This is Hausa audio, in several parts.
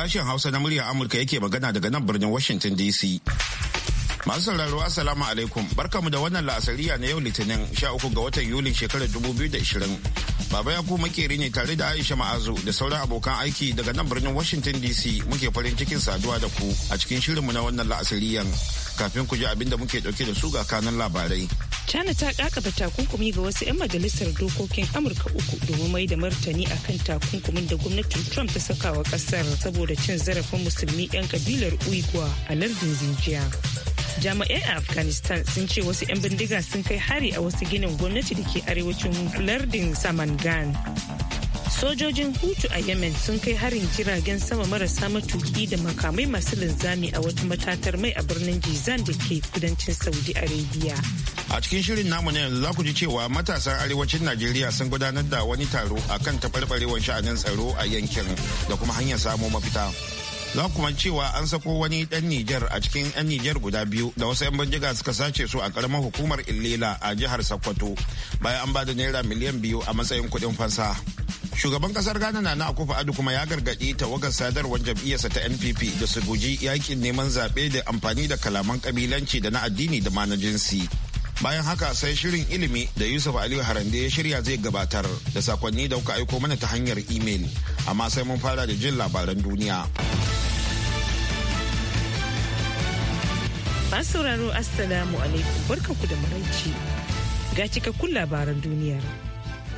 Sashen Hausa na murya Amurka yake magana daga nan birnin Washington DC. Masu sauraro asalamu alaikum barkamu da wannan la'asariya na yau Litinin 13 ga watan Yulin shekarar 2020. Baba Yakubu makeri ne tare da Aisha Ma'azu da sauran abokan aiki daga nan birnin Washington DC muke farin cikin saduwa da ku a cikin shirinmu na wannan la'asariyan kafin ku ji abin da muke dauke da su ga kanan labarai. China ta kakaba takunkumi ga wasu 'yan majalisar dokokin Amurka uku domin mai da martani akan takunkumin da gwamnatin Trump ta saka wa kasar saboda cin zarafin musulmi 'yan kabilar Uighur a lardin Zinjiya. Jami'ai a Afghanistan sun ce wasu 'yan bindiga sun kai hari a wasu ginin gwamnati da ke arewacin lardin Samangan. sojojin hutu a yemen sun kai harin jiragen sama marasa matuki da makamai masu linzami a wata matatar mai a birnin jizan da ke kudancin saudi arabia a cikin shirin namu ne za ku ji cewa matasan arewacin najeriya sun gudanar da wani taro a kan taɓarɓarewar sha'anin tsaro a yankin da kuma hanyar samo mafita za kuma cewa an sako wani dan Nijar a cikin 'yan Nijar guda biyu da wasu 'yan bindiga suka sace su a karamar hukumar Illela a jihar Sokoto bayan an ba da naira miliyan biyu a matsayin kuɗin fansa. shugaban kasar ghana na akufa adu kuma ya gargaɗi tawagar sadarwar jam'iyyarsa ta npp da su guji yakin neman zaɓe da amfani da kalaman kabilanci da na addini da ma na jinsi bayan haka sai shirin ilimi da yusuf aliyu harande ya shirya zai gabatar da sakonni da kuka aiko mana ta hanyar imel amma sai mun fara da jin labaran duniya masu sauraro assalamu alaikum barkanku da maraici ga cikakkun labaran duniyar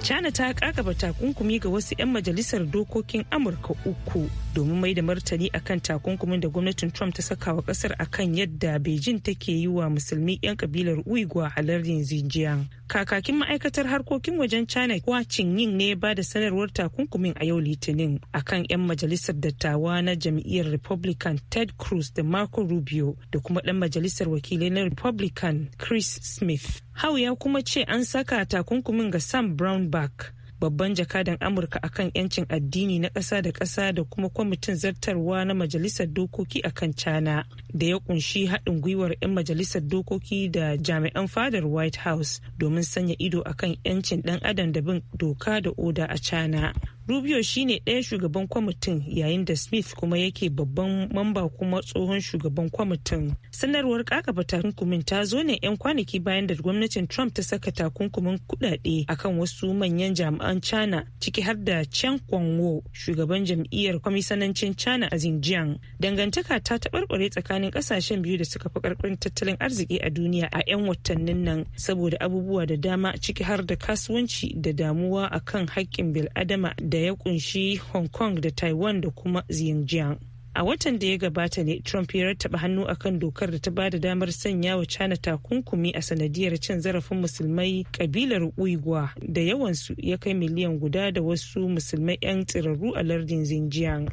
China ta kakaba takunkumi ga wasu 'yan majalisar dokokin Amurka uku domin mai da martani akan takunkumin da gwamnatin Trump ta saka wa kasar akan yadda Beijing take yi wa musulmi 'yan kabilar Uighur a lardin Xinjiang. Kakakin ma'aikatar harkokin wajen China kuwa yin ne ba da sanarwar takunkumin a yau Litinin akan 'yan majalisar dattawa na jam'iyyar Republican Ted Cruz da Marco Rubio da kuma ɗan majalisar wakilai na Republican Chris Smith. Hau ya kuma ce an saka takunkumin ga Sam Brownback. babban jakadan amurka akan yancin addini na ƙasa da ƙasa da kuma kwamitin zartarwa na majalisar dokoki akan cana da ya kunshi haɗin gwiwar 'yan majalisar dokoki da jami'an fadar white house domin sanya ido akan yancin ɗan adam da bin doka da oda a cana rubio shine ɗaya shugaban kwamitin yayin da smith kuma yake babban mamba kuma tsohon shugaban kwamitin sanarwar kakaba takunkumin ta zo ne 'yan kwanaki bayan da gwamnatin trump ta saka takunkumin kudade akan wasu manyan jami'an china ciki har da chen kwangwo shugaban jam'iyyar kwamisanancin china a xinjiang dangantaka ta taɓarɓare tsakanin ƙasashen biyu da suka fi ƙarfin tattalin arziki a duniya a 'yan watannin nan saboda abubuwa da dama ciki har da kasuwanci da damuwa akan haƙƙin bil'adama da ya kunshi hong kong da taiwan da kuma xinjiang a watan da ya gabata ne trump ya rattaba hannu a kan dokar da ta ba da damar sanya wa china takunkumi a sanadiyar cin zarafin musulmai kabilar uigwa da yawansu ya kai miliyan guda da wasu musulmai 'yan tsirarru a lardin xinjiang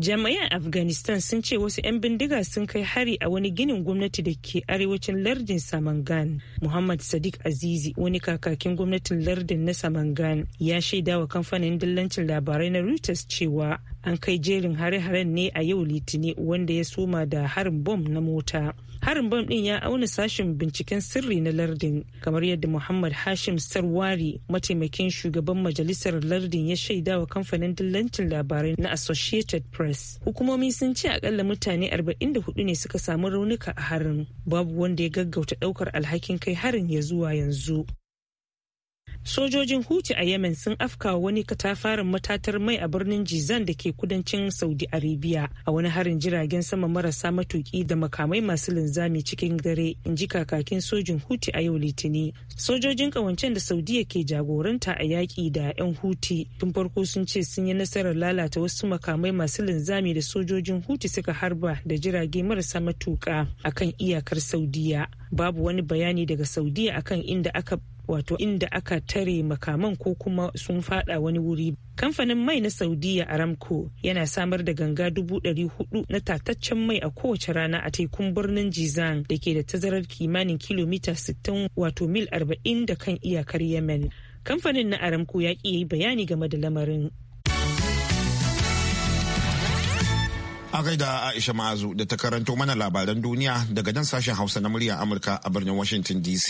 jami'an afghanistan sun ce wasu 'yan bindiga sun kai hari a wani ginin gwamnati da ke arewacin lardin samangan muhammad sadiq azizi wani kakakin gwamnatin lardin na samangan ya shaida wa kamfanin dillancin labarai na reuters cewa an kai jerin hare-haren ne a yau litini wanda ya soma da harin bom na mota harin bom din ya auna sashen binciken sirri na lardin kamar yadda muhammad hashim sarwari mataimakin shugaban majalisar lardin ya shaida wa kamfanin dillancin labarai na associated press paris hukumomi sun ce akalla mutane 44 ne suka samu raunuka a harin babu wanda ya gaggauta daukar alhakin kai harin ya zuwa yanzu sojojin huti a yemen sun afka wani katafarin matatar mai a birnin jizan da ke kudancin saudi arabia a wani harin jiragen sama marasa matuki da makamai masu linzami cikin dare in ji kakakin sojin huti a yau litini sojojin kawancen da saudiya ke jagoranta a yaƙi da 'yan huti tun farko sun ce sun yi nasarar lalata wasu makamai masu linzami da sojojin huti suka harba da jirage marasa matuka akan iyakar saudiya babu wani bayani daga saudiya akan inda aka wato inda aka tare makaman ko kuma sun fada wani wuri kamfanin mai na saudiya aramco yana samar da ganga dubu ɗari hudu na tataccen mai a kowace rana a tekun birnin jizan da ke da tazarar kimanin kilomita 60 wato mil 40 da kan iyakar yemen kamfanin na aramco ya ƙi yi bayani game da lamarin a gaida aisha ma'azu da ta karanto mana labaran duniya daga nan sashen hausa na muryar amurka a birnin washington dc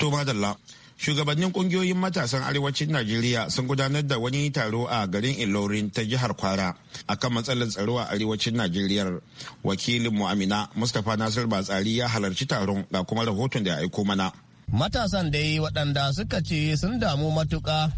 To madalla, shugabannin kungiyoyin matasan arewacin Najeriya sun gudanar da wani taro a garin Ilorin ta jihar Kwara akan matsalar tsaro a arewacin Najeriya. Wakilin muamina Mustapha Nasir Batsari ya halarci taron ga kuma rahoton da ya aiko mana. Matasan dai waɗanda suka ce sun damu matuƙa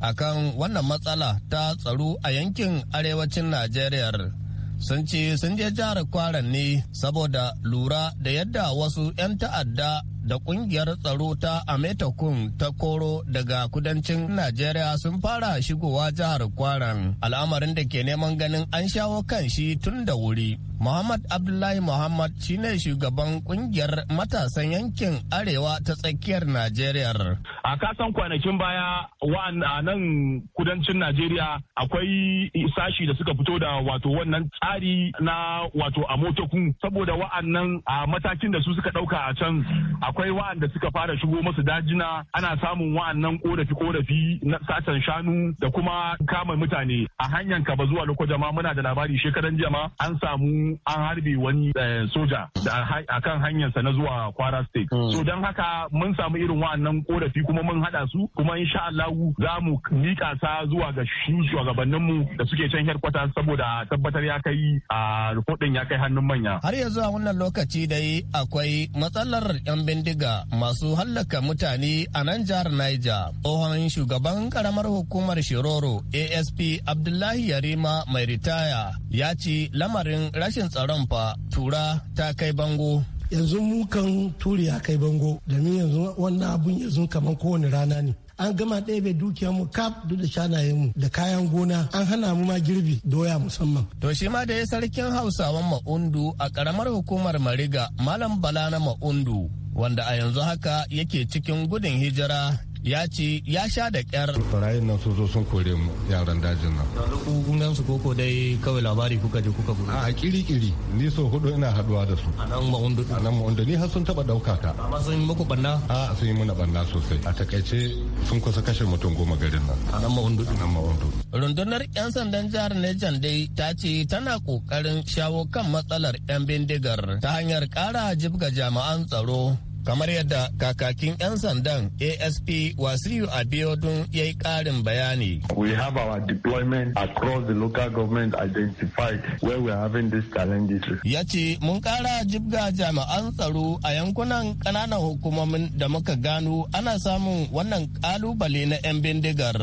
akan wannan matsala ta tsaro a yankin arewacin Najeriya. sun ce sun je jihar kwaran ne saboda lura da yadda wasu 'yan ta'adda da kungiyar tsaro ta ametakun ta koro daga kudancin najeriya sun fara shigowa jihar kwaran al'amarin da ke neman ganin an shawo kan shi tun da wuri Muhammad Abdullahi Muhammad shine shugaban kungiyar matasan yankin Arewa ta tsakiyar Najeriya. A kasan kwanakin baya wa nan kudancin Najeriya akwai sashi da suka fito da wato wannan tsari na wato a motokun saboda wa'annan a matakin da su suka dauka a can akwai wa'anda suka fara shigo masu dajina ana samun wa'annan korafi korafi na satan shanu da kuma kama mutane a hanyar ka zuwa lokacin ma muna da labari shekaran jama an samu an harbe wani eh, soja da a kan hanyarsa na zuwa Kwara State. Hmm. So don haka mun samu irin wa'annan korafi kuma mun haɗa su kuma insha Allah za mu miƙa sa zuwa ga shugabannin mu da suke can kwata saboda tabbatar ya kai a rikodin ya kai hannun manya. Har yanzu a wannan lokaci dai akwai matsalar 'yan bindiga masu hallaka mutane a nan jihar Niger. Tsohon shugaban karamar hukumar Shiroro ASP Abdullahi Yarima mai ritaya ya ci lamarin rashin rashin tsaron fa tura ta kai bango yanzu mu kan turi ya kai bango domin yanzu wannan abun yanzu kamar kowane rana ne an gama ɗebe dukiyar mu kaf duk da shanayen mu da kayan gona an hana mu ma girbi doya musamman. To shi ma da ya sarkin Hausawan Ma'undu a ƙaramar hukumar Mariga Malam Bala na Ma'undu wanda a yanzu haka yake cikin gudun hijira ya ce ya sha da kyar. Barayin nan sun zo sun kore mu yaran dajin nan. Yanzu ku kun gan su koko dai kawai labari kuka je kuka gudu. A kiri-kiri ni so hudu ina haduwa da su. anan nan ma'undu. Anan nan ma'undu ni har sun taba dauka ta. Amma sun yi muku banna? A sun yi mana banna sosai. A takaice sun kusa kashe mutum goma garin nan. Anan nan ma'undu. anan ma'undu. Rundunar 'yan sandan jihar Niger dai ta ce tana kokarin shawo kan matsalar 'yan bindigar ta hanyar kara jibga jami'an tsaro kamar yadda kakakin 'yan sandan asp wasiyu abiodun ya yi karin bayani we have our deployment across the local government identified where we are having these challenges ya ce mun kara jibga jami'an tsaro a yankunan kananan hukumomin da muka gano ana samun wannan kalubale na 'yan bindigar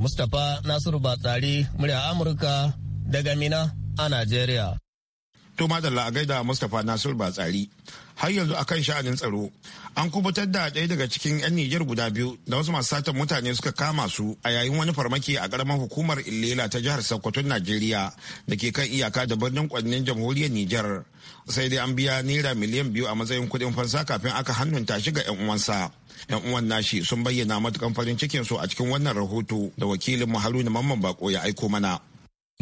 mustapha nasiru batsari murya amurka daga mina a najeriya to madalla a gaida mustapha nasiru batsari har yanzu akan sha'anin tsaro an kubutar da ɗaya daga cikin 'yan nijar guda biyu da wasu masu satan mutane suka kama su a yayin wani farmaki a ƙaramar hukumar illela ta jihar sokoton najeriya da ke kan iyaka da birnin kwannin jamhuriyar nijar sai dai an biya naira miliyan biyu a matsayin kuɗin fansa kafin aka hannunta shi ga 'yan uwansa yan uwan nashi sun bayyana matukan farin cikin su a cikin wannan rahoto da wakilin haruna mamman bako ya aiko mana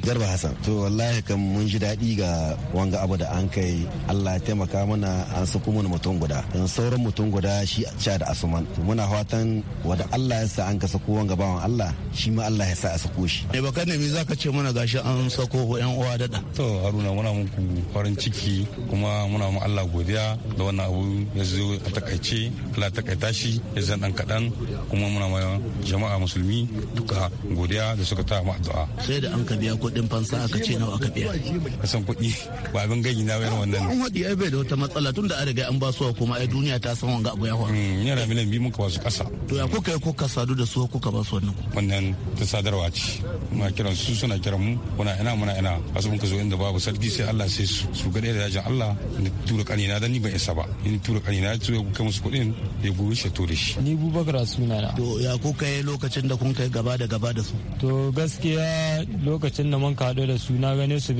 Garba Hassan. To wallahi kan mun ji daɗi ga wanga abu da an kai Allah ya taimaka mana an sako mana mutum guda. Dan sauran mutum guda shi a ca da Asuman. Muna fatan wanda Allah ya sa an ka sako wanga bawan Allah shi ma Allah ya sa a sako shi. Me baka ne me zaka ce mana gashi an sako yan uwa da To Haruna muna muku farin ciki kuma muna mu Allah godiya da wannan abu ya zo a takaice Allah ta kaita shi ya zan dan kaɗan kuma muna ma jama'a musulmi duka godiya da suka ta mu addu'a. Sai da an ka biya kuɗin fansa aka ce nawa aka biya kasan kuɗi ba abin gani na wani. wannan an haɗi ai bai da wata matsala da an riga an ba su kuma ai duniya ta san wanga abu ya faru yana hmm, miliyan biyu muka ba su kasa to ya kuka yi kuka sadu da su kuka ba su wannan wannan ta sadarwa ce muna kiran su suna kiran mu muna ina muna ina asu muka zo inda babu sarki sai Allah sai su su ga da yajin Allah ni tura kanina dan ni ban isa ba ni tura kanina ya kai musu kuɗin ya gobe shi to da shi ni Bubakar suna na to ya kuka yi lokacin da kun kai gaba da gaba da su to gaskiya lokacin da malaman ka da su na gane su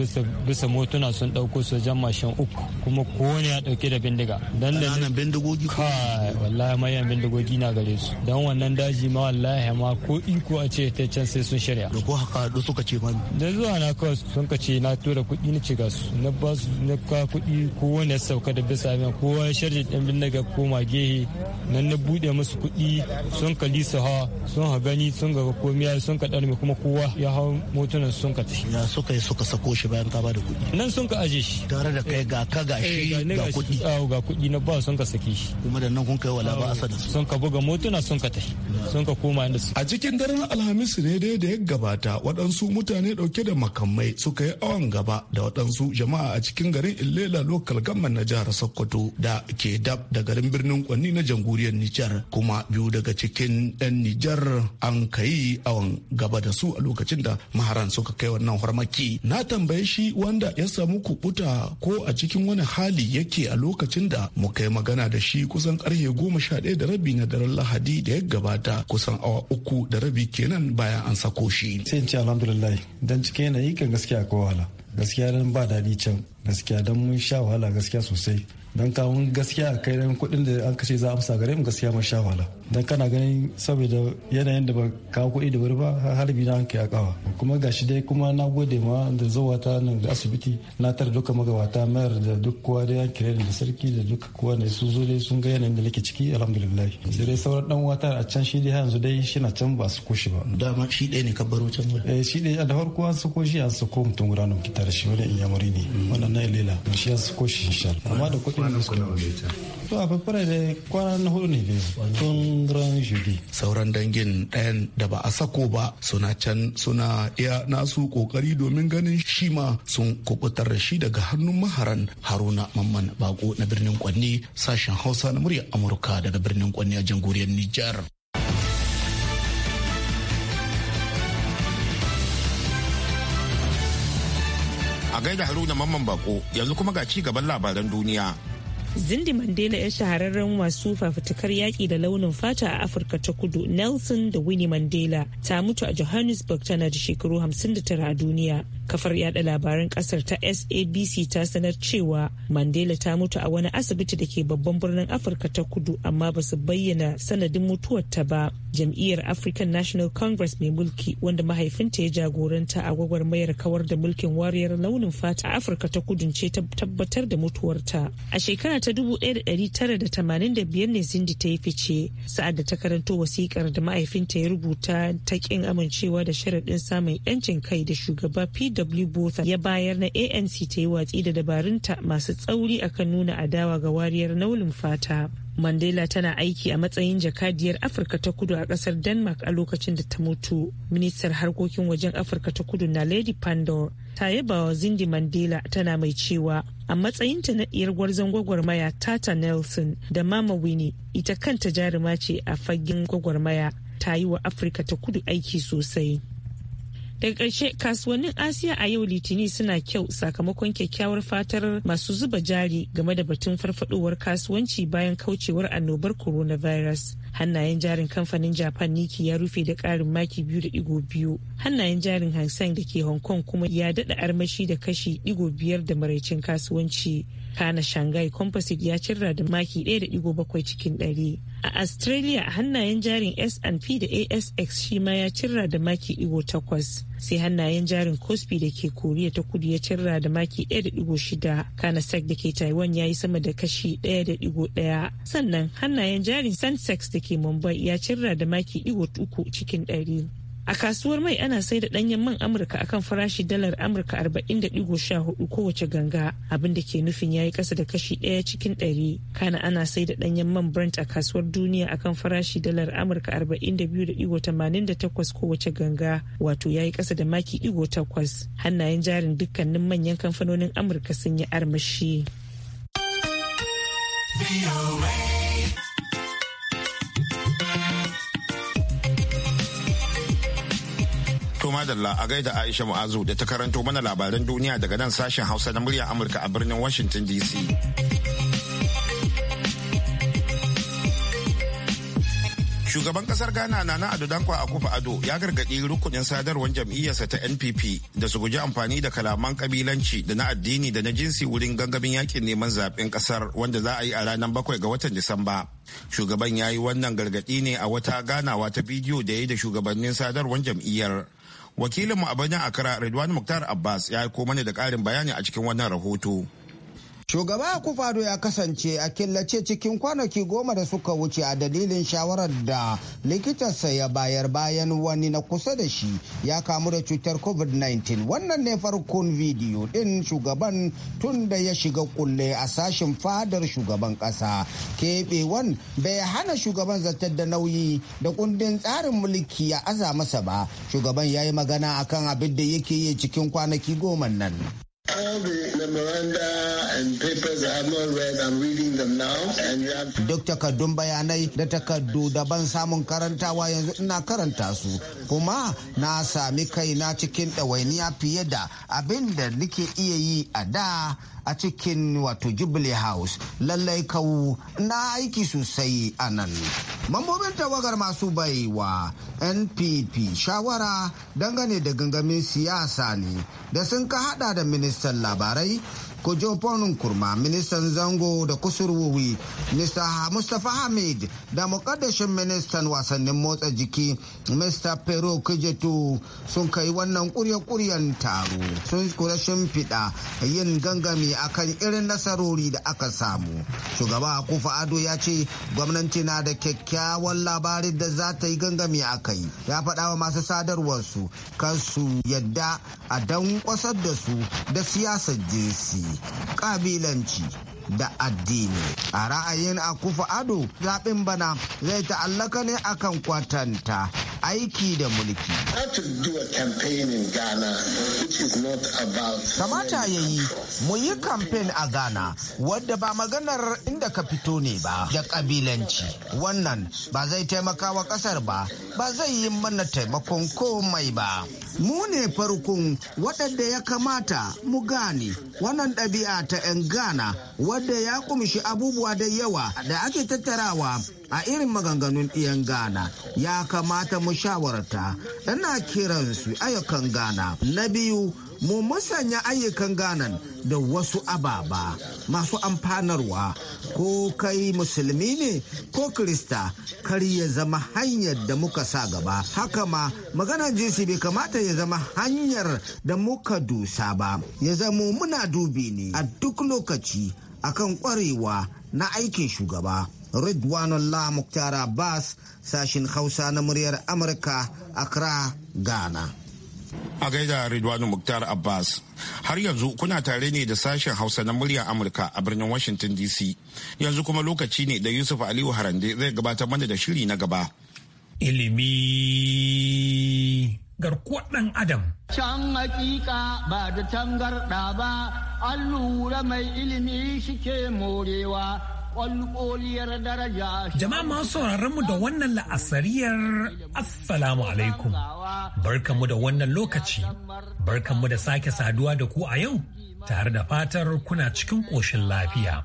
bisa motuna sun ɗauko sojan mashin uku kuma ne ya ɗauke da bindiga. Dan da nan bindigogi ka wallahi yan bindigogi na gare su. Dan wannan daji ma wallahi ma ko iko a ce ta can sai sun shirya. Da ko haka da suka ce mani. Da zuwa na kawai sun ka ce na tura kuɗi ni ci ga su na ba su na ka kuɗi kowane ya sauka da bisa min kowa ya shirya ɗin bindiga ma gehe nan na buɗe musu kuɗi sun ka lisa ha sun ha gani sun ga komiya sun ka ɗarme kuma kowa ya hau motunan sun ka kuɗi. ya suka yi suka sako shi bayan ka bada kuɗi nan sun ka aje shi tare da kai ga ka gashi ga eh, kuɗi ga kuɗi na ba sun ka saki shi kuma da nan kun kai wala ba asa da su sun ka buga motuna sun ka tafi sun ka koma inda su a cikin daren alhamis ne dai da ya gabata waɗansu mutane ɗauke da makamai suka yi awon gaba da waɗansu jama'a a cikin garin illela lokal gamman na jihar sokoto da ke dab da garin birnin kwanni na jamhuriyar nijar kuma biyu daga cikin 'yan nijar an kai awon gaba da su a lokacin da maharan suka kai kai wannan farmaki na tambaye shi wanda ya samu kubuta ko a cikin wani hali yake a lokacin da mu kai magana da shi kusan karfe goma sha ɗaya da rabi na daren lahadi da ya gabata kusan awa uku da rabi kenan bayan an sako shi. sai ce alhamdulillah dan cikin yanayi kan gaskiya ko wahala gaskiya dan ba daɗi can gaskiya dan mun sha wahala gaskiya sosai don kawun gaskiya a kai ran kuɗin da aka ce za a amsa gare mu gaskiya mun sha wala don kana ganin saboda yanayin da ba kawo kuɗi da wuri ba harbi na hanke a kawa kuma gashi dai kuma na gode ma da zuwa ta nan da asibiti na tara duka magabata mayar da duk kowa da yan kire da sarki da duka kowa ne sun zo dai sun ga yanayin da nake ciki alhamdulillah sai dai sauran dan wata a can shi dai yanzu dai shi na can ba su koshi ba dama shi dai ne ka baro can ba eh shi ɗaya da farko an su koshi an su ko mutum guda nan kitar shi wani inyamuri ne wannan na ilela shi an su koshi insha Allah amma da kuɗin sauran dangin ɗayan da ba a sako ba suna can suna iya nasu kokari domin ganin shi ma sun kubutar shi daga hannun maharan haruna mamman bako na birnin kwanni sashen hausa na muryar amurka daga birnin kwanni a jamhuriyar nijar a gaida haruna mamman bako yanzu kuma ga ci gaban labaran duniya Zindi Mandela ya shahararren masu fafutukar yaƙi da launin fata a Afirka ta kudu Nelson da Winnie Mandela ta mutu a Johannesburg tana da shekaru 59 a duniya. Kafar yada labaran ƙasar ta SABC ta sanar cewa Mandela ta mutu a wani asibiti da ke babban birnin Afirka ta kudu amma ba su bayyana sanadin mutuwar ta ba. jam'iyyar african national congress mai mulki wanda mahaifinta ya jagoranta a mayar kawar da mulkin wariyar launin fata afirka ta kudunce ce ta tabbatar da mutuwarta a shekara ta 1985 ne zindi ta yi fice sa'ad da ta karanto wasikar da mahaifinta ya rubuta ta kin amincewa da sharaɗin samun yancin kai da shugaba pw botha ya bayar na anc ta yi watsi da dabarunta masu tsauri akan nuna adawa ga wariyar launin fata Mandela tana aiki a matsayin jakadiyar Afirka ta kudu a kasar Denmark a lokacin da ta mutu. Ministar harkokin wajen Afirka ta kudu na Lady Pandor ta yaba wa Zindi Mandela tana mai cewa a matsayinta na ɗiyar gwarzon gwagwarmaya Tata Nelson da Mama Winnie ita kanta jaruma ce a fagen gwagwarmaya ta yi wa Afirka ta kudu aiki sosai. daga ƙarshe kasuwannin asiya a yau litini suna kyau sakamakon kyakkyawar fatar masu zuba jari game da batun farfadowar kasuwanci bayan kaucewar annobar coronavirus hannayen jarin kamfanin japan niki ya rufe da ƙarin maki biyu da digo biyu hannayen jarin hang da ke hong kong kuma ya daɗa armashi da kashi digo biyar da maraicin kasuwanci kana shanghai composite ya cirra da maki 1.7 cikin 100 a australia a hannayen jarin S&P da asx shi ma ya cirra da maki igo takwas sai hannayen jarin cosby da ke koriya ta kudu ya cirra da maki 1.6 kana sec da ke taiwan ya yi sama da kashi 1.1 sannan hannayen jarin sensex da ke mumbai ya cirra da maki digo uku cikin 100 A kasuwar mai ana sai da ɗanyen man Amurka akan farashi dalar Amurka 40.14 kowace ganga abin da ke nufin yayi ƙasa da kashi ɗaya cikin ɗari. Kana ana sai da ɗanyen man Brent a kasuwar duniya akan farashi dalar Amurka 42.88 kowace ganga wato yayi ƙasa da maki ɗigo takwas. Hannayen jarin dukkanin manyan kamfanonin Amurka sun yi armashi. To madalla a gaida Aisha Mu'azu da ta karanto mana labaran duniya daga nan sashen Hausa na murya Amurka a birnin Washington DC. Shugaban kasar Ghana na Ado Dankwa Akufa Ado ya gargaɗi rukunin sadarwar jam'iyyarsa ta NPP da su guji amfani da kalaman kabilanci da na addini da na jinsi wurin gangamin yakin neman zaben kasar wanda za a yi a ranar bakwai ga watan Disamba. Shugaban ya yi wannan gargaɗi ne a wata ganawa ta bidiyo da ya yi da shugabannin sadarwar jam'iyyar. wakilinmu a birnin akara ridwan muktar abbas ya aiko mana da ƙarin bayani a cikin wannan rahoto Shugaba Akufado ya kasance a killace cikin kwanaki goma da suka wuce a dalilin shawarar da likitarsa ya bayar bayan wani na kusa da shi ya kamu da cutar COVID-19. Wannan ne farkon bidiyo ɗin shugaban tun da ya shiga kulle a sashen fadar shugaban ƙasa. Keɓewan bai hana shugaban zartar da nauyi da kundin tsarin mulki ya aza masa ba. Shugaban ya yi magana akan abin da yake yi cikin kwanaki goma nan. Duk takardun bayanai da takardu daban samun karantawa yanzu ina karanta su kuma na sami kaina cikin ɗawainiya fiye da abin da nike iya yi a da a cikin wato jubilee house lallai kau na aiki sosai a nan mambobin tawagar masu baiwa npp shawara dangane da gangamin siyasa ne da sun ka hada da ministan labarai Kojo Bonun Kurma, ministan Zango da kusurwowi, Mr. Mustapha Hamid da mukaddashin ministan wasannin motsa jiki, Mr. Pero Kijetu sun kai wannan kuryen kuryen taro. Sun kura shimfiɗa yin gangami akan irin nasarori da aka samu. Shugaba Kufa Ado ya ce gwamnati na da kyakkyawan labarin da za ta yi gangami a kai. Ya faɗa wa masu sadarwarsu kansu su yadda a dankwasar da su da siyasar jinsi. kabilanci da addini a ra'ayin akufa ado zaɓin bana zai ta'allaka ne akan kwatanta aiki da mulki. Kamata ya yi mu yi kamfen a Ghana wadda ba maganar inda ka fito ne ba da kabilanci. Wannan ba zai taimaka wa kasar ba, ba zai yi mana taimakon komai ba. Mu ne farkon waɗanda ya kamata mu gane wannan ɗabi'a ta 'yan Ghana wadda ya kumshi abubuwa da yawa da ake tattarawa a irin maganganun ɗiyan gana ya kamata mu shawarta ina kiransu ayyukan gana Na biyu mu musanya ayyukan ganan da wasu ababa masu amfanarwa ko kai musulmi ne ko krista kar ya zama hanyar da muka sa gaba haka ma maganar jinsi bai kamata ya zama hanyar da muka dusa ba ya zamo muna dubi ne a duk lokaci akan kwarewa na aikin shugaba. Ridwanullah Mukhtar Abbas sashin Hausa na muryar Amurka Accra, Ghana. A gaida Ridwanu Muktar Abbas, har yanzu kuna tare ne da sashen Hausa na muryar Amurka a birnin Washington DC. Yanzu kuma lokaci ne da Yusuf Aliyu Harande zai gabatar mana da shiri na gaba. Ilimi garkuwar ɗan Adam. Can hakika ba da tangarɗa ba an lura mai ilimi shike morewa kwalkoliyar daraja jama'a masu sauraron mu da wannan la'asariyar assalamu alaikum barkanmu da wannan lokaci barkanmu da sake saduwa da ku a yau tare da fatar kuna cikin ƙoshin lafiya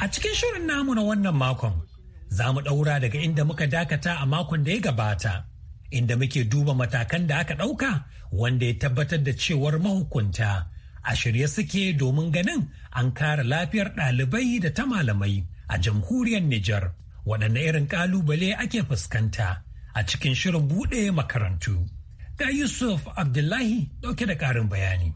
a cikin shirin namu na wannan makon za mu ɗaura daga inda muka dakata a makon da ya gabata inda muke duba matakan da aka ɗauka wanda ya tabbatar da cewar mahukunta a shirye suke domin ganin an kare lafiyar ɗalibai da ta malamai a jamhuriyar Nijar waɗanne irin ƙalubale ake fuskanta a cikin shirin buɗe makarantu. Ga Yusuf Abdullahi ɗauke da ƙarin bayani.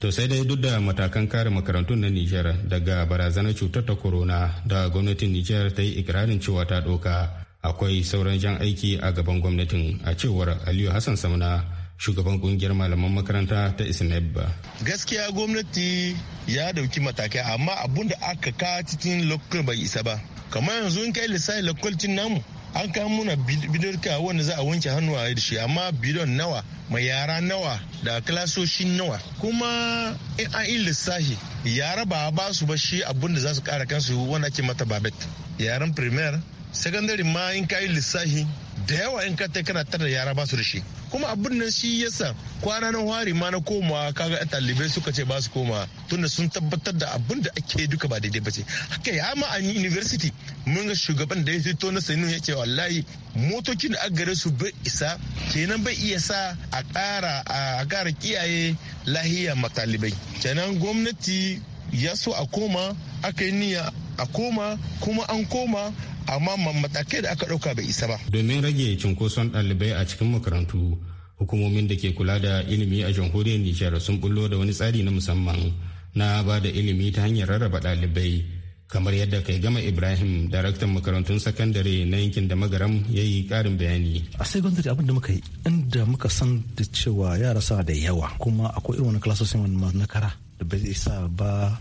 To sai dai duk da matakan kare makarantun na Nijar daga barazanar cutar ta corona da gwamnatin Nijar ta yi ikirarin cewa ta ɗauka akwai sauran jan aiki a gaban gwamnatin a cewar Aliyu Hassan Samna shugaban kungiyar malaman makaranta ta ismebba gaskiya gwamnati ya dauki matakai amma abun da aka ka cikin lokacin bai isa ba kamar yanzu in kai lissafi lokacin namu an kawo muna bidon ka wanda za a wanke hannu a da shi amma bidon nawa mai yara nawa da kilasoshi nawa kuma in an yi lissafi yara ba ba su ba shi abun da za su kara kansu wanda ake mata babet yaran primaire secondary ma in ka yi lissafi da yawa in ka tai kana tare da yara ba su da shi kuma abin nan shi yasa kwana na hari ma na komawa kaga ɗalibai suka ce ba su koma tunda sun tabbatar da abin da ake duka ba daidai ba ce haka ya ma a university mun ga shugaban da ya fito na sanin ya ce wallahi motocin da gare su bai isa kenan bai iya sa a kara a kara kiyaye lahiya matalibai kenan gwamnati ya so a koma aka yi niyya a koma kuma an koma amma matakai da aka ɗauka bai isa ba. Domin rage cunkoson ɗalibai a cikin makarantu hukumomin da ke kula da ilimi a jamhuriyar Nijar sun bullo da wani tsari na musamman na ba da ilimi ta hanyar rarraba ɗalibai kamar yadda kai gama ibrahim daraktan makarantun sakandare na yankin da magaram ya yi karin bayani a secondary abin da muka yi inda muka san da cewa yara sa da yawa kuma akwai irin wani klasosin wani na kara da bai zai sa ba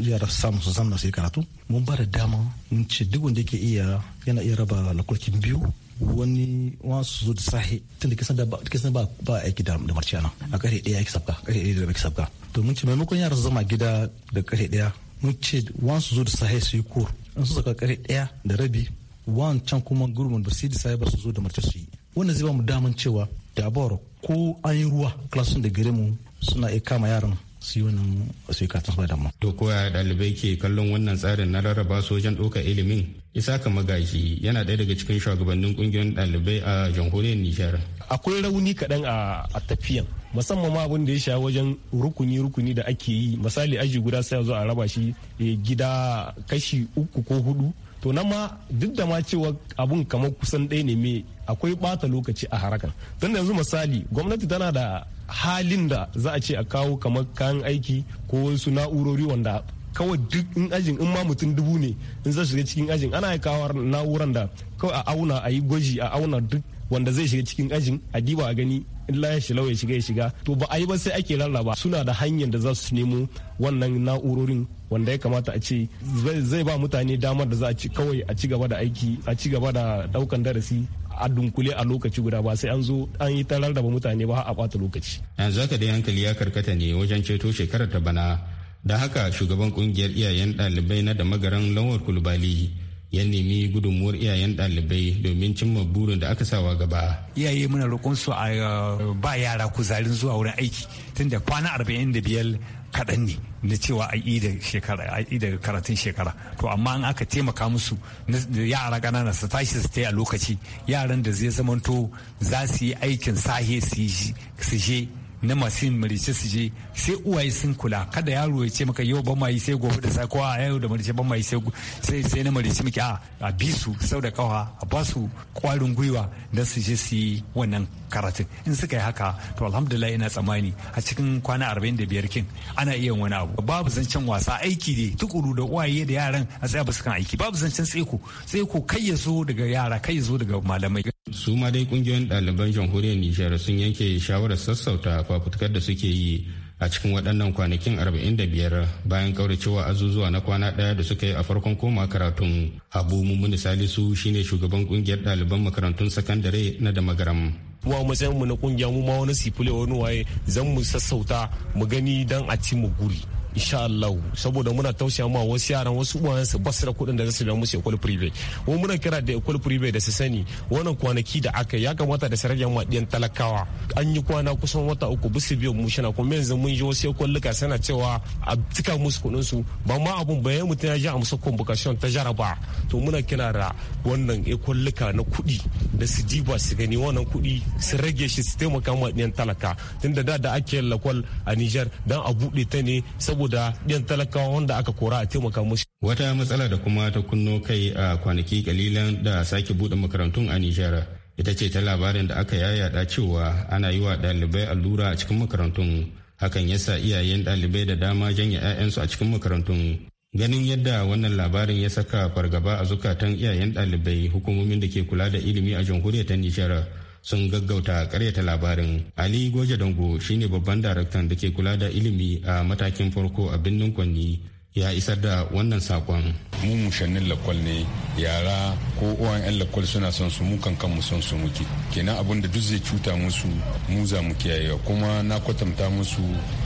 yara samu su zamna su yi karatu mun ba da dama mun ce duk wanda yake iya yana iya raba lakulkin biyu wani wasu zo da sahi tun da kisan ba ba aiki da marci nan a kare daya aiki sabga kare daya da aiki sabga to mun ce maimakon yara su zama gida da kare daya mun ce wasu zo da sahi su yi kur in su saka kare daya da rabi wancan kuma gurbin ba su yi da sahi ba su zo da marci su yi wannan zai ba mu daman cewa da ko an yi ruwa klasun da gare mu suna iya e kama yaran su yi wannan su yi katin da mu. To koya ɗalibai ke kallon wannan tsarin na rarraba su wajen ɗaukar ilimin? Isaka Magaji yana ɗaya daga cikin shugabannin ƙungiyoyin ɗalibai a jamhuriyar Nijar. Akwai rauni kaɗan a tafiyan musamman ma abin da ya sha wajen rukuni-rukuni da ake yi misali aji guda sai a zo a raba shi eh, gida kashi uku ko hudu to nan ma duk da ma cewa abun kamar kusan ɗaya ne me akwai ɓata lokaci a harakan tun yanzu misali gwamnati tana da halin da za a ce a kawo kamar kayan aiki ko wasu na'urori wanda kawai duk in ajin in ma mutum dubu ne in zai shiga cikin ajin ana kawo na'uran da kawai a auna a yi gwaji a auna duk wanda zai shiga cikin ajin a diba a gani in la ya shilau ya shiga ya shiga to ba a yi ba sai ake rarraba suna da hanyar da za su nemo wannan na'urorin wanda ya kamata a ce zai ba mutane damar da za a ci kawai a ci gaba da aiki a ci gaba da daukan darasi a dunkule a lokaci guda ba sai an zo an yi ta rarraba mutane ba a kwata lokaci. yanzu haka dai hankali ya karkata ne wajen ceto shekarar ta bana da haka shugaban kungiyar iyayen ɗalibai na da magaran lawar kulubali ya nemi gudunmuwar iyayen ɗalibai domin cimma burin da aka sawa gaba. Iyaye muna roƙonsu a uh, ba yara kuzarin zuwa wurin aiki tun da kwana arba'in da biyar kaɗan ne na cewa a yi da karatun shekara to amma an aka taimaka musu da yara ƙanana su tashi su a lokaci yaran da zai zamanto za su yi aikin sahe su je na masu yin marice su je sai uwaye sun kula kada yaro ya ce maka yau ban sai gobe da sako a yau da marice ban sai sai na marice miki a a bi su sau da kawa a ba su kwarin gwiwa da su je su yi wannan karatun in suka yi haka to alhamdulillah ina tsammani a cikin kwana biyar kin ana iya wani abu babu zancen wasa aiki ne tukuru da uwaye da yaran a tsaya basu kan aiki babu zancen tseko tseko kai ya zo daga yara kai ya zo daga malamai su ma dai kungiyoyin ɗaliban jamhuriyar nijar sun yanke shawarar sassauta fafutukar da suke yi a cikin waɗannan kwanakin 45 bayan kauracewa azuzuwa na kwana ɗaya da suka yi a farkon koma karatun habu mummuni salisu shine shugaban kungiyar ɗaliban makarantun sakandare na damagaram kuma matsayin mu na kungiya mu ma wani sifile wani waye zan mu sassauta mu gani dan a ci mu guri insha Allah saboda muna tausaya ma wasu yaran wasu uwayensu ba da kuɗin da za su biya musu ekol private mu muna kira da ekol private da su sani wannan kwanaki da aka ya kamata da sarrafa ma ɗiyan talakawa an yi kwana kusan wata uku bisu biyan mu na kuma yanzu mun ji wasu luka sana cewa a cika musu kuɗin su ba ma abun ba yayin mutum ya ji a musu convocation ta jaraba to muna kira da wannan luka na kuɗi da su diba su gani wannan kuɗi su rage shi su taimaka ma ɗiyan talaka tunda da da ake lakwal a nijar dan a buɗe ta ne saboda saboda yan talakawa wanda aka kora a taimaka musu. Wata matsala da kuma ta kunno kai a kwanaki kalilan da sake buɗe makarantun a Nijar ita ce ta labarin da aka yayyada cewa ana yi wa ɗalibai allura a cikin makarantun hakan ya sa iyayen ɗalibai da dama janye 'ya'yansu a cikin makarantun ganin yadda wannan labarin ya saka fargaba a zukatan iyayen ɗalibai hukumomin da ke kula da ilimi a jamhuriyar ta nijar sun gaggauta karyata labarin ali goje dango shine babban daraktan da ke kula da ilimi a matakin farko a birnin kwanni ya isar da wannan sakon. mu mushannin lakwal ne yara ko uwan yan lakwal suna son su mukan kan mu son su muke kenan abin da duk zai cuta musu mu za mu kiyaye kuma na kwatanta musu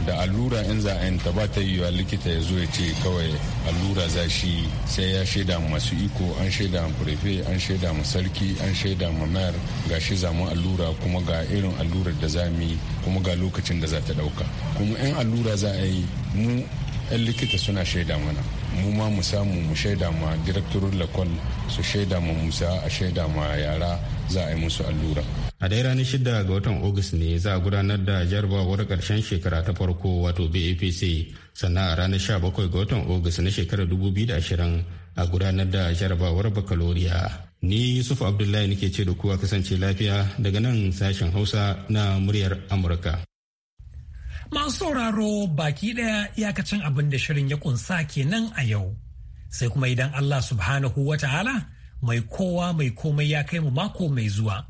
da allura in za a ta ba ta yiwa likita ya zo ya ce kawai allura za shi sai ya shaida masu iko an shaida mu kurefe an shaida mu sarki an shaida mu mayar ga shi za mu allura kuma ga irin allurar da za mu yi kuma ga lokacin da za ta dauka kuma in allura za a yi mu 'yan likita suna shaida mana mu ma mu samu mu shaida ma direktorin lakon su shaida ma musa a shaida ma yara za a yi musu allura a dai ranar shida ga watan august ne za a gudanar da jarabawar karshen shekara ta farko wato bapc sannan a ranar sha bakwai ga watan august na shekarar dubu biyu da ashirin a gudanar da jarabawar bakaloriya ni yusuf abdullahi nake ce da kuwa kasance lafiya daga nan sashen hausa na muryar amurka Masu sauraro baki ɗaya iyakacin abin da shirin ya kunsa kenan a yau. Sai kuma idan Allah subhanahu wa ta'ala mai kowa mai komai ya kai mu mako mai zuwa.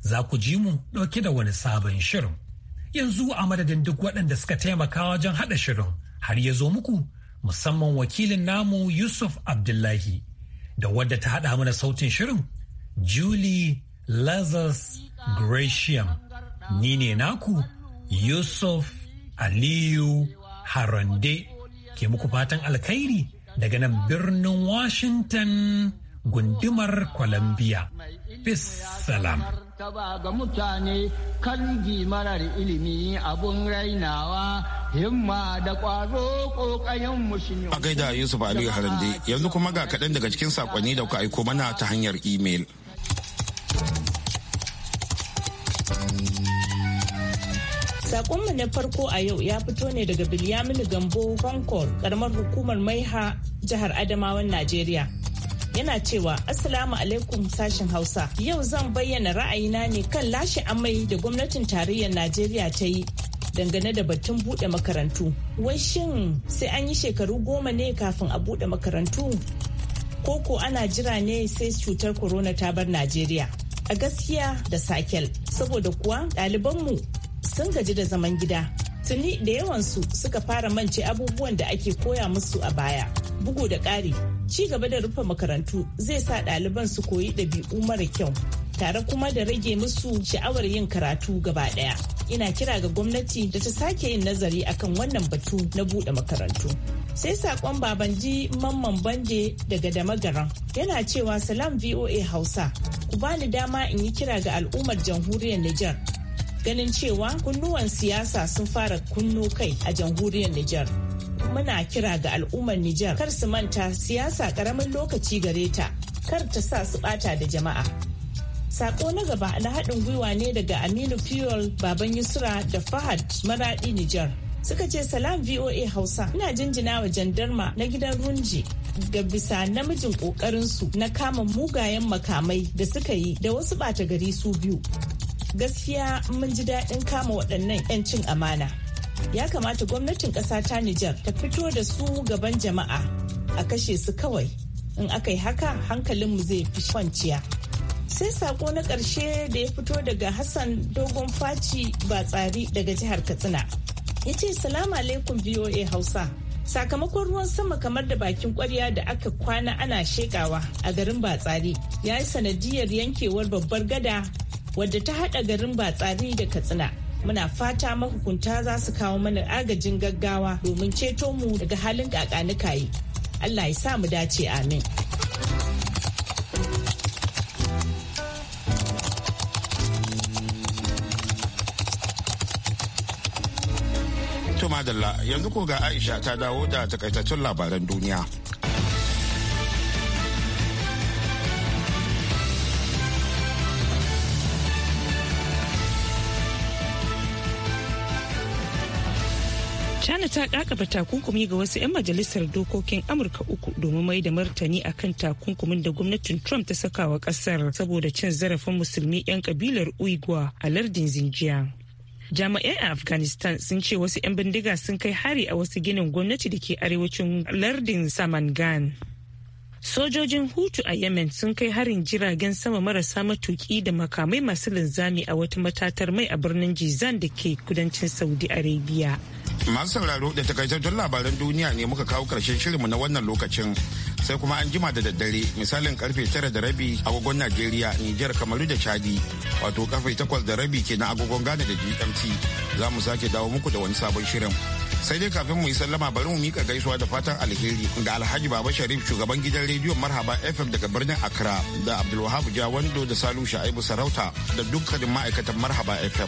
Za ku ji mu ɗauke da wani sabon shirin. Yanzu a madadin duk waɗanda suka taimaka wajen haɗa shirin har ya zo muku musamman wakilin namu Yusuf Abdullahi da wadda ta haɗa mana sautin shirin Julie Lazarus Gratiam. Ni ne naku Yusuf Aliyu Harande ke muku fatan alkhairi daga nan birnin Washington gundumar Columbia. Bis taba ga mutane kan marar ilimi abun rainawa himma da ƙwaro ƙoƙayen mushin A gaida Yusuf Ali Harande yanzu kuma ga kaɗan daga cikin saƙonni da kuka aiko mana ta hanyar imel. Sakonmu na farko a yau ya fito ne daga Bilyaminu Gambo Honkor, karamar hukumar Maiha, jihar Adamawan Najeriya. Yana cewa Assalamu alaikum sashen Hausa. Yau zan bayyana ra'ayina ne kan lashe amai da gwamnatin tarayyar Najeriya ta yi dangane da batun buɗe makarantu. Wai shin sai an yi shekaru goma ne kafin a buɗe makarantu? Koko ana jira ne sai cutar corona ta bar Najeriya. a gaskiya da sakel saboda kuwa ɗalibanmu sun gaji da zaman gida tuni da yawansu suka fara mance abubuwan da ake koya musu a baya bugu da ƙari ci gaba da rufe makarantu zai sa ɗaliban su koyi ɗabi'u mara kyau tare kuma da rage musu sha'awar yin karatu gaba ɗaya ina kira ga gwamnati da ta sake yin nazari akan wannan batu na buɗe makarantu sai saƙon babanji mamman banje daga damagaran yana cewa salam voa hausa ku bani dama in yi kira ga al'ummar jamhuriyar niger ganin cewa kunnuwan siyasa sun fara kunno kai a jamhuriyar Nijar. Muna kira ga al'ummar Nijar kar su manta siyasa karamin lokaci gare ta kar ta sa su bata da jama'a. Sako na gaba na haɗin gwiwa ne daga Aminu Fiyol Baban Yusra da Fahad Maradi Nijar. Suka ce salam VOA Hausa ina jinjina wa jandarma na gidan Runji ga bisa namijin ƙoƙarinsu na kama mugayen makamai da suka yi da wasu ɓata gari su biyu. gaskiya mun ji daɗin kama waɗannan 'yancin amana ya kamata gwamnatin ƙasa ta nijar ta fito da su gaban jama'a a kashe su kawai in aka yi haka hankalinmu zai fi kwanciya sai saƙo na ƙarshe da ya fito daga hassan dogon faci ba tsari daga jihar katsina ya ce salamu alaikum voa hausa sakamakon ruwan sama kamar da bakin kwarya da aka kwana ana shekawa a garin batsari ya yi sanadiyar yankewar babbar gada wadda ta haɗa garin batsari da katsina muna fata mahukunta za su kawo mana agajin gaggawa domin ceto mu daga halin yi allah ya sa mu dace amin madalla yanzu ko ga aisha ta dawo da takaitattun labaran duniya china ta kakaba takunkumi ga wasu 'yan majalisar dokokin amurka uku domin mai da martani akan takunkumin da gwamnatin trump ta saka wa kasar saboda cin zarafin musulmi 'yan kabilar uigwa a lardin Xinjiang. jami'ai a afghanistan sun ce wasu 'yan bindiga sun kai hari a wasu ginin gwamnati da ke arewacin lardin samangan sojojin hutu a yemen sun kai harin jiragen sama marasa matuki da makamai masu linzami a wata matatar mai a birnin jizan da ke kudancin saudi arabia masu sauraro da takaitattun labaran duniya ne muka kawo karshen shirinmu na wannan lokacin sai kuma an jima da daddare misalin karfe tara da rabi agogon najeriya nijar kamaru da chadi wato karfe takwas da rabi na agogon ghana da gmt za mu sake dawo muku da wani sabon shirin sai dai kafin mu yi sallama bari mu mika gaisuwa da fatan alheri ga alhaji baba sharif shugaban gidan rediyon marhaba fm daga birnin accra da abdulwahab jawando da salu sha'ibu sarauta da dukkanin ma'aikatan marhaba fm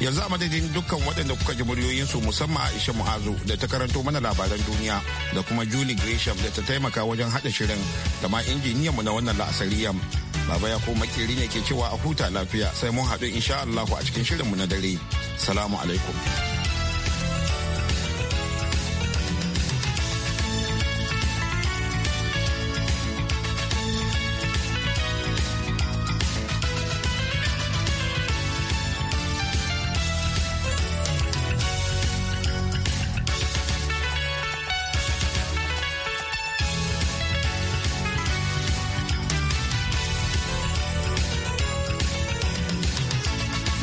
yanzu a madadin dukkan waɗanda kuka ji muryoyinsu musamman aisha mu'azu da ta karanto mana labaran duniya da kuma julie gresham da ta taimaka wajen haɗa shirin da ma injiniyanmu na wannan la'asariyan baba ya ko makeri ne ke cewa a huta lafiya sai mun haɗu insha allahu a cikin shirinmu na dare salamu alaikum